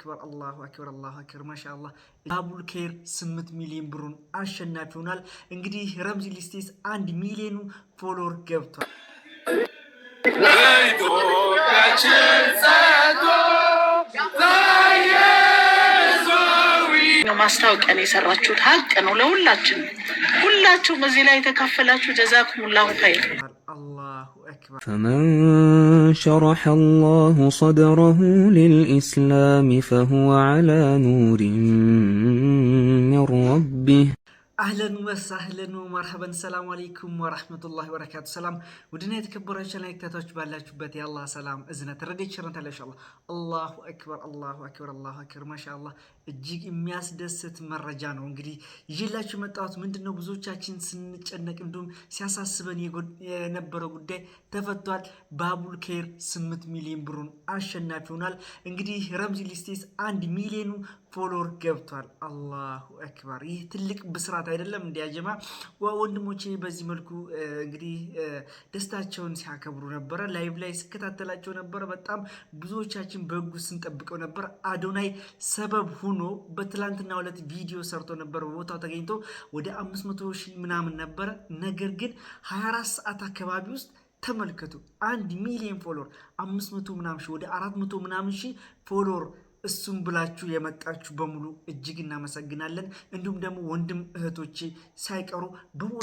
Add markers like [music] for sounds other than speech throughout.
አክበር፣ አላሁ አክበር፣ አላሁ አክበር። ማሻአላ ጃቡል ኬር 8 ሚሊዮን ብሩን አሸናፊ ሆናል። እንግዲህ ረምዚ ሊስቴስ አንድ ሚሊዮኑ ፎሎወር ገብቷል። ማስታወቂያ ነው የሰራችሁት፣ ሀቅ ነው ለሁላችን። ሁላችሁም እዚህ ላይ የተካፈላችሁ ጀዛኩሙላሁ ኸይር። أكبر فمن شرح الله صدره للإسلام فهو على نور من ربه አህለን ወሳህለን መርሐበን ሰላም አለይኩም ወራህመቱላሂ ወበረካቱ። ሰላም ውድና የተከበራችሁ ቻናል ተከታታዮች ባላችሁበት የአላህ ሰላም እዝነት ረድኤት ቸርነት አለ ኢንሻአላህ። አላሁ አክበር አላሁ አክበር አላሁ አክበር ማሻአላህ። እጅግ የሚያስደስት መረጃ ነው እንግዲህ ይዤላችሁ የመጣሁት ምንድነው፣ ብዙዎቻችን ስንጨነቅ እንዲሁም ሲያሳስበን የነበረው ጉዳይ ተፈቷል። ባቡል ከይር 8 ሚሊዮን ብሩን አሸናፊ ሆኗል። እንግዲህ ረምዚ ሊስቴስ አንድ ሚሊዮኑ ፎሎወር ገብቷል። አላሁ አክበር! ይህ ትልቅ ብስራት አይደለም? እንዲያጀማ ወንድሞቼ በዚህ መልኩ እንግዲህ ደስታቸውን ሲያከብሩ ነበረ። ላይቭ ላይ ስከታተላቸው ነበረ። በጣም ብዙዎቻችን በጉ ስንጠብቀው ነበር። አዶናይ ሰበብ ሆኖ በትላንትና ሁለት ቪዲዮ ሰርቶ ነበር። በቦታው ተገኝቶ ወደ አምስት መቶ ሺህ ምናምን ነበረ። ነገር ግን 24 ሰዓት አካባቢ ውስጥ ተመልከቱ፣ አንድ ሚሊዮን ፎሎወር አምስት መቶ ምናምን ሺህ ወደ አራት መቶ ምናምን ሺህ ፎሎወር እሱም ብላችሁ የመጣችሁ በሙሉ እጅግ እናመሰግናለን። እንዲሁም ደግሞ ወንድም እህቶቼ ሳይቀሩ በሙሉ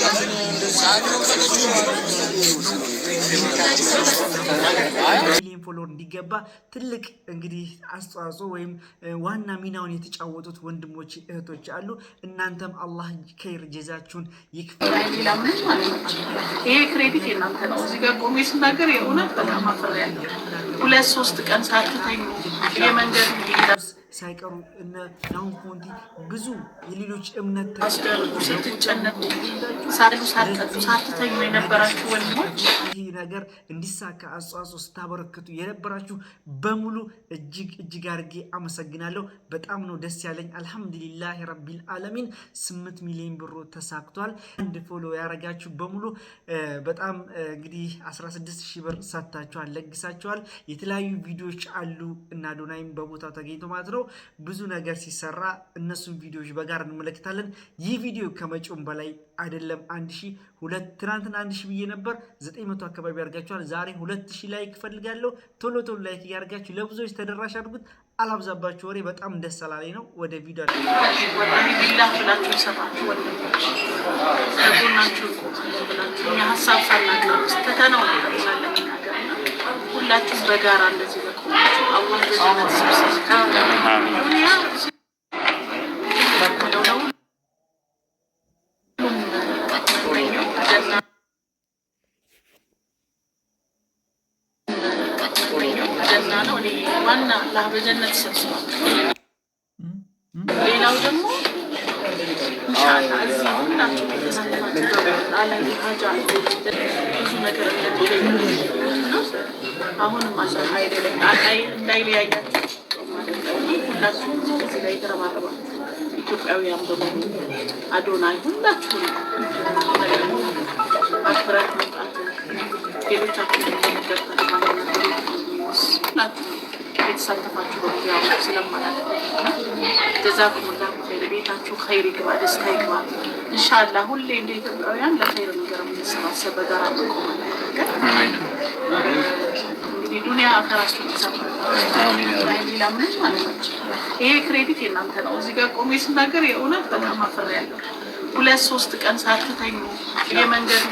ፎሎወር እንዲገባ ትልቅ እንግዲህ አስተዋጽኦ ወይም ዋና ሚናውን የተጫወቱት ወንድሞች እህቶች አሉ። እናንተም አላህ ከይር ጀዛችሁን ይክፈል። ይሄ ክሬዲት ነው። እዚህ ጋር ቆሜ ስናገር የእውነት በጣም አፈር ሁለት ሶስት ቀን ሳትተኙ የመንገድ because ሳይቀሩ እነ ናሁን ፎንቲ ብዙ የሌሎች እምነት አስደርጉ ስትጨነቁ ሳሉ ሳትጠጡ ሳትተኙ የነበራችሁ ወንድሞች ይህ ነገር እንዲሳካ አስተዋጽኦ ስታበረክቱ የነበራችሁ በሙሉ እጅግ እጅግ አድርጌ አመሰግናለሁ። በጣም ነው ደስ ያለኝ። አልሐምዱሊላህ ረቢል አለሚን ስምንት ሚሊዮን ብሮ ተሳክቷል። አንድ ፎሎ ያደረጋችሁ በሙሉ በጣም እንግዲህ 16 ሺህ ብር ሰጥታችኋል፣ ለግሳችኋል። የተለያዩ ቪዲዮዎች አሉ እና ዶናይም በቦታው ተገኝቶ ማለት ነው። ብዙ ነገር ሲሰራ እነሱን ቪዲዮዎች በጋር እንመለከታለን። ይህ ቪዲዮ ከመጪውም በላይ አይደለም። አንድ ሺ ሁለት ትናንትና አንድ ሺ ብዬ ነበር፣ ዘጠኝ መቶ አካባቢ ያርጋችኋል። ዛሬ ሁለት ሺ ላይክ እፈልጋለሁ። ቶሎ ቶሎ ላይክ እያደርጋችሁ ለብዙዎች ተደራሽ አድርጉት። አላብዛባችሁ ወሬ፣ በጣም ደስ አላለኝ ነው። ወደ ቪዲዮ ላችሁ ሁላችሁም በጋራ እንደዚህ በቆማችሁ አላህ በጀነት ስብስብ ሌላው ደግሞ አሁንም እንዳይለያያቸው ማለት ነው። ሁላችሁም እዚህ ላይ ተረባረባ ኢትዮጵያውያን በሙሉ አዶናይ ሁላችሁም አክብራት መምጣት ሌሎቻችሁ የተሳተፋችሁ በሙሉ ስለማላለ ጀዛኩሙላ ቤታችሁ ኸይር ይግባ፣ ደስታ ይግባ። እንሻላ ሁሌ እንደ ኢትዮጵያውያን ለኸይር ነገር የምንሰባሰብ በጋራ መቆም አለበት። ከራሱ ሌላ ይሄ ክሬዲት የእናንተ ነው። እዚህ ጋር ቆሜ ስናገር የእውነት በጣም ያለው ሁለት ሶስት ቀን ሳትተኙ የመንገድ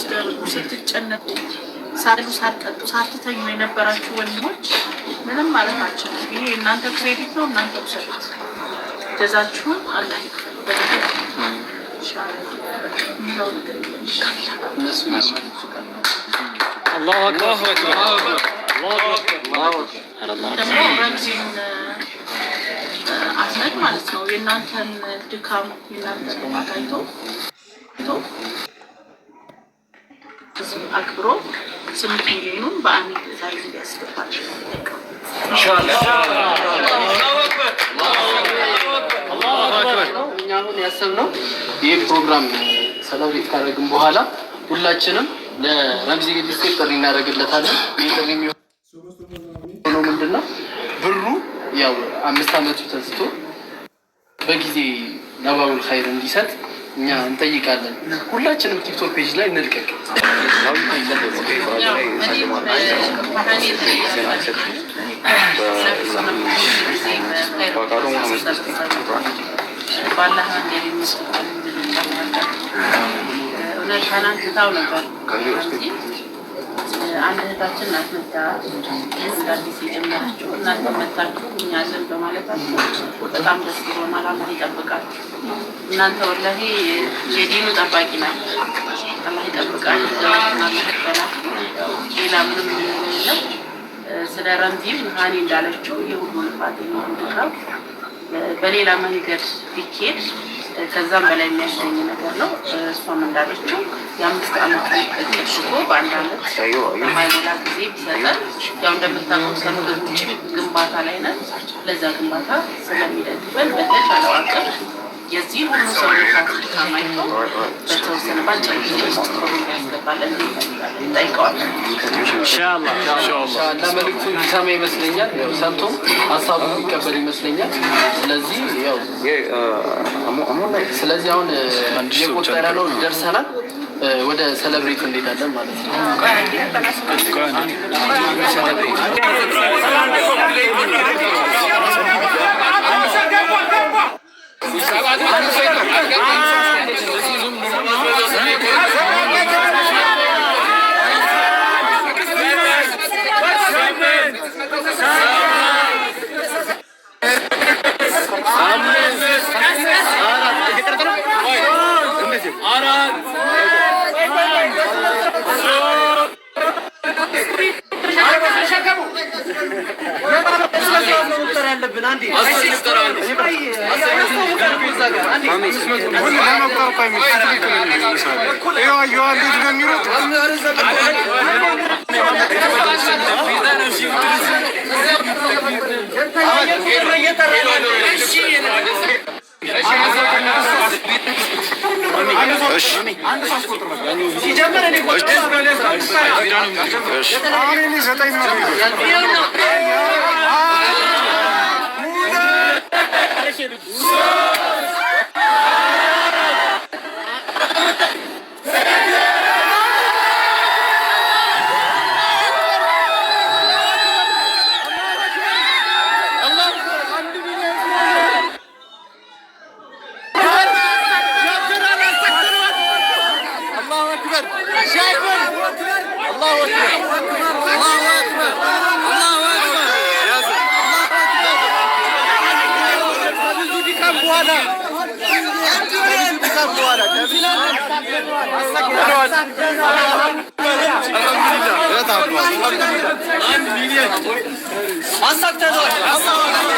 ስደርጉ ስትጨነቁ ሳሉ ሳትጠጡ ሳትተኙ የነበራችሁ ወንድሞች ምንም ማለታቸው ነው። ይሄ የእናንተ ክሬዲት ነው። እናንተ ውሰዱት። ገዛችሁን አላ ደግሞ ረምዚን አስነድ ማለት ነው። የእናንተን ድካም የእናንተን አክብሮ ስምንት ሚሊዮኑን በአንድ ትዕዛዝ እንዲያስገባል ነው አሁን ያሰብነው ይህ ፕሮግራም ሰለብሬት ካደረግን በኋላ ሁላችንም ለረምዚ ጊዜ ጥሪ እናደርግለታለን። ይህ ጥሪ የሚሆነው ምንድን ነው? ብሩ ያው አምስት ዓመቱ ተስቶ በጊዜ ነባሩል ኸይር እንዲሰጥ እኛ እንጠይቃለን። ሁላችንም ቲክቶክ ፔጅ ላይ እንልቀቅ። በአላህ መንገድ የሚስሉበት ነበር። እውነት ትናንት ታው ነበር እንጂ አንድ እህታችን ናት መታ እንደ አዲስ እናንተ መታችሁ እኛ አለን በማለታችሁ በጣም ደስ ብሎናል። አላህ ይጠብቃችሁ። እናንተ ወላሂ የዲኑ ጠባቂ ናችሁ። አላህ ይጠብቃችሁ። ሌላ ምንም የለው። ስለ ረምዚም ሀኒ እንዳለችው የሁሉ ልፋት የሁሉ ድካም በሌላ መንገድ ቢኬድ ከዛም በላይ የሚያስገኝ ነገር ነው። እሷም እንዳለችው የአምስት ዓመት ቅድሽቶ በአንድ ዓመት ማይሞላ ጊዜ ቢሰጠን ያው እንደምታውቀው ውጭ ግንባታ ላይ ነን። ለዛ ግንባታ ስለሚደግፈን በተቻለው አቅም የዚህ ሁሉ ሰው ድካም ሊሰማ ይመስለኛል፣ ሰምቶም ሀሳቡ የሚቀበል ይመስለኛል። ስለዚህ አሁን የቆጠረ ነው ደርሰናል። ወደ ሰለብሬቱ እንሄዳለን ማለት ነው። ಅದು ಅದು بنعندي اصلا نقدر عندي ايوه ايوه اللي تغنيرو ዘጠኝ ነው parceiro. Evet abi. Abi milliyetçi. Asak'ta da. Asak'ta da.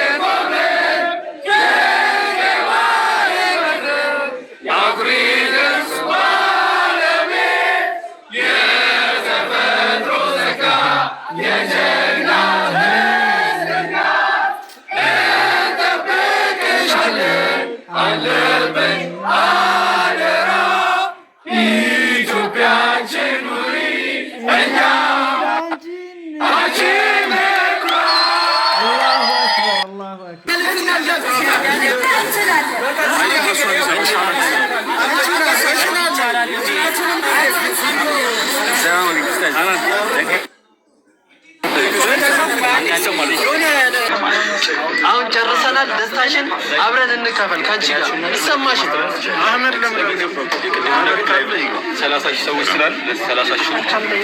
አሁን ጨርሰናል። ደስታሽን አብረን እንካፈል። ከአንቺ ጋር ይሰማሽ አህመድ ሰላሳ ሺህ ሰዎች ስላል ሰላሳ ሺህ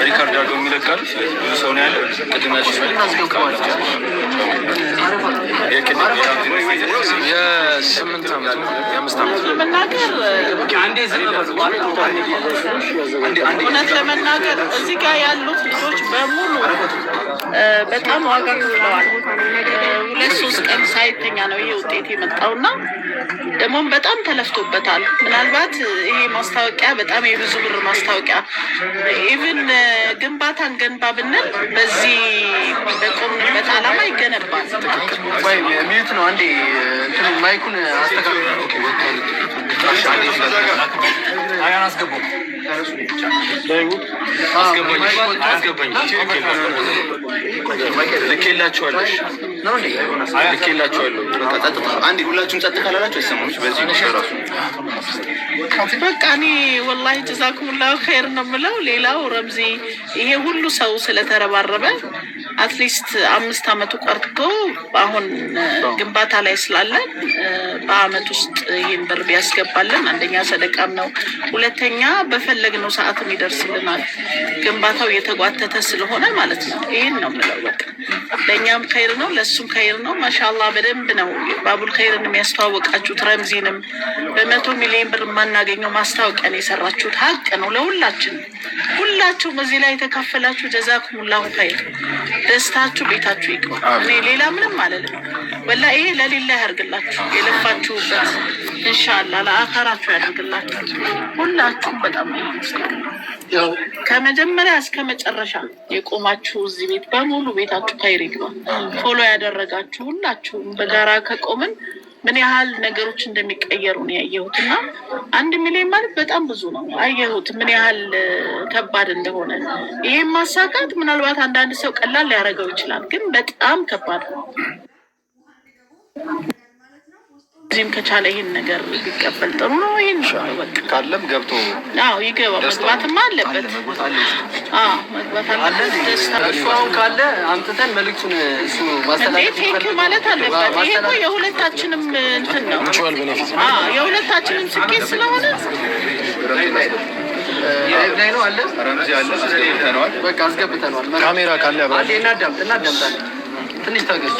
ሪካርድ አድርገው የሚለቃል ሰው ነው ያለ ቅድም ያልሽ ለመናገር እውነት ለመናገር እዚህ ጋር ያሉት ልጆች በሙሉ በጣም ዋጋ ከፍለዋል። ሁለት ሶስት ቀን ሳይተኛ ነው ይህ ውጤት የመጣው እና ደግሞም በጣም ተለፍቶበታል። ምናልባት ይሄ ማስታወቂያ በጣም የብዙ ብር ማስታወቂያ ኢቭን ግንባታን ገንባ ብንል በዚህ በቆምንበት አላማ ይገነባል። ሚዩት ነው። አንዴ እንትኑ ማይኩን ሁላችሁም ጸጥ ካላላችሁ አይሰማም። በዚህ በቃ እኔ ወላሂ ጀዛኩሙላሁ ኸይር ነው የምለው። ሌላው ረምዚ ይሄ ሁሉ ሰው ስለተረባረበ አትሊስት አምስት አመቱ ቀርቶ አሁን ግንባታ ላይ ስላለን በአመት ውስጥ ይህን ብር ቢያስገባለን አንደኛ ሰደቃም ነው፣ ሁለተኛ በፈለግነው ሰዓትም ይደርስልናል። ግንባታው እየተጓተተ ስለሆነ ማለት ነው። ይህን ነው የምለው። በቃ ለእኛም ከይር ነው፣ ለእሱም ከይር ነው። ማሻላ በደንብ ነው ባቡል ከይርን የሚያስተዋወቃችሁት። ረምዚንም በመቶ ሚሊዮን ብር የማናገኘው ማስታወቂያ ነው የሰራችሁት። ሀቅ ነው ለሁላችን ሁላችሁም እዚህ ላይ የተካፈላችሁ ጀዛኩሙላሁ ከይር ደስታችሁ ቤታችሁ ይግባ። እኔ ሌላ ምንም አለልም። ወላ ይሄ ለሌላ ያርግላችሁ፣ የለፋችሁበት እንሻላ ለአካራችሁ ያደርግላችሁ። ሁላችሁም በጣም ከመጀመሪያ እስከ መጨረሻ የቆማችሁ እዚህ ቤት በሙሉ ቤታችሁ ካይር ይግባ። ፎሎ ያደረጋችሁ ሁላችሁም በጋራ ከቆምን ምን ያህል ነገሮች እንደሚቀየሩ ነው ያየሁት። እና አንድ ሚሊዮን ማለት በጣም ብዙ ነው። አየሁት ምን ያህል ከባድ እንደሆነ። ይህም ማሳካት ምናልባት አንዳንድ ሰው ቀላል ሊያደርገው ይችላል፣ ግን በጣም ከባድ ነው። እዚህም ከቻለ ይህን ነገር ቢቀበል ጥሩ ነው። ይህን ካለም ገብቶ አዎ ይገባ መግባትም አለበት። መግባት ካለ አምጥተን መልዕክቱን እሱ ማስተላለፍ ማለት አለበት። ይሄ እኮ የሁለታችንም እንትን ነው፣ የሁለታችንም ስኬት ስለሆነ በቃ አስገብተነዋል። ካሜራ ካለ እናዳምጥ፣ እናዳምጣለን። ትንሽ ታገች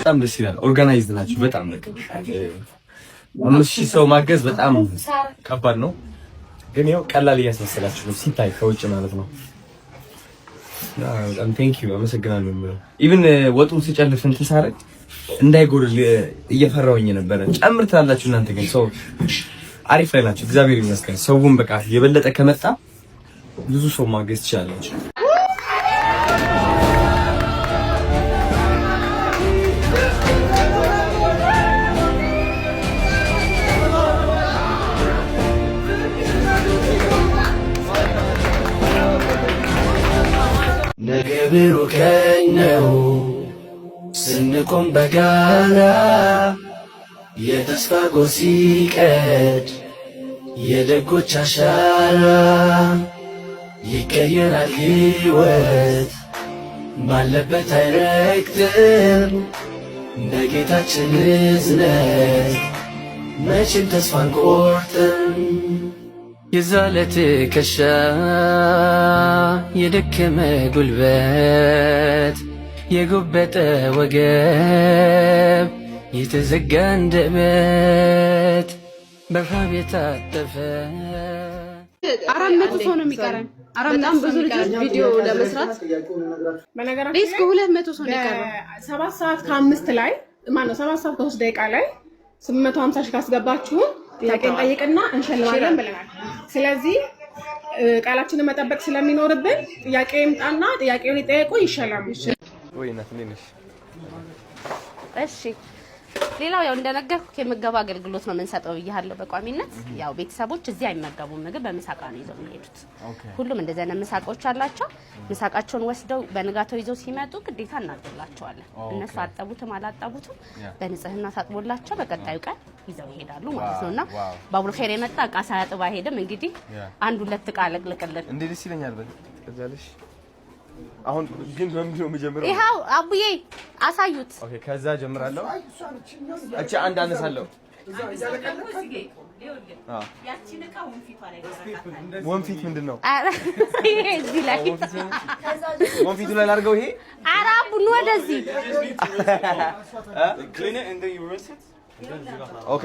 በጣም ደስ ይላል። ኦርጋናይዝድ ናቸው በጣም አምስት ሺህ ሰው ማገዝ በጣም ከባድ ነው፣ ግን ያው ቀላል እያስመሰላችሁ ነው ሲታይ ከውጭ ማለት ነው። በጣም ዩ አመሰግናለሁ ኢቭን ወጡን ሲጨልፍ እንትን ሳረግ እንዳይጎድል እየፈራውኝ ነበረ። ጨምር ትላላችሁ እናንተ ግን ሰው አሪፍ ላይ ናቸው። እግዚአብሔር ይመስገን። ሰውን በቃ የበለጠ ከመጣ ብዙ ሰው ማገዝ ትችላላችሁ። በጋራ የተስፋ ጎህ ሲቀድ የደጎች አሻራ ይቀየራል ሕይወት ባለበት አይረግጥም በጌታችን እዝነት መቼም ተስፋ አንቆርጥም። የዛለ ትከሻ የደከመ ጉልበት የጎበጠ ወገብ የተዘጋ አንደበት በረሃብ የታጠፈ አራት መቶ ሰው ነው የሚቀረን። በጣም ብዙ ልጆች ቪዲዮ ለመስራት ቤስ ከሁለት መቶ ሰው ነው የቀረን። ሰባት ሰዓት ከአምስት ላይ ማነው ሰባት ሰዓት ከሶስት ደቂቃ ላይ ስምንት መቶ ሀምሳ ሺህ ካስገባችሁን ጥያቄን ጠይቅና እንሸልማለን ብለናል። ስለዚህ ቃላችንን መጠበቅ ስለሚኖርብን ጥያቄ ይምጣና ጥያቄውን ይጠየቁ ይሻላል። ወይ እናት እንዴት ነሽ? እሺ ሌላው ያው እንደነገርኩ የምገባ አገልግሎት ነው የምንሰጠው ብያለሁ። በቋሚነት ያው ቤተሰቦች እዚህ አይመገቡም፣ ምግብ በምሳቃ ነው ይዘው የሚሄዱት። ሁሉም እንደዚህ አይነት ምሳቃዎች አላቸው። ምሳቃቸውን ወስደው በንጋታው ይዘው ሲመጡ ግዴታ እናጥብላቸዋለን። እነሱ አጠቡትም አላጠቡትም በንጽህና ታጥቦላቸው በቀጣዩ ቀን ይዘው ይሄዳሉ ማለት ነውና ባቡል ኸይር የመጣ እቃ ሳያጥብ አይሄድም። እንግዲህ አንድ ሁለት እቃ ለቅልቅልን እንዴ ደስ ይለኛል። አሁን ግን በምንድን ነው የምጀምረው? ይኸው አቡዬ አሳዩት። ኦኬ፣ ከዛ ጀምራለሁ። እቺ አንድ አነሳለሁ። ወንፊት ምንድን ነው? [laughs] እዚህ ላይ ወንፊቱ ላይ ላድርገው። ይሄ ኧረ አቡን ወደዚህ ኦኬ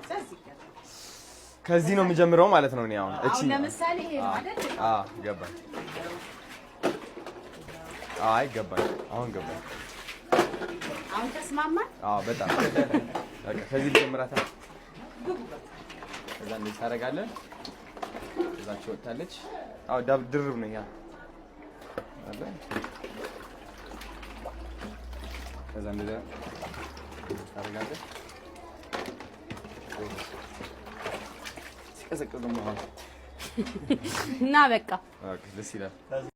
ከዚህ ነው የምጀምረው ማለት ነው። እኔ አሁን እቺ ለምሳሌ ይሄ ነው አዎ ገባኝ። አይ ገባኝ፣ አሁን ገባኝ። አሁን ተስማማ። አዎ በጣም በቃ ከዚህ ልጀምራታ። ከዛ እንደዚህ ታደርጋለህ። እዛ ትወጣለች። አዎ ዳብ ድርብ ነው ያ አለ። ከዛ እንደዚህ ታደርጋለህ ezek no no, Na,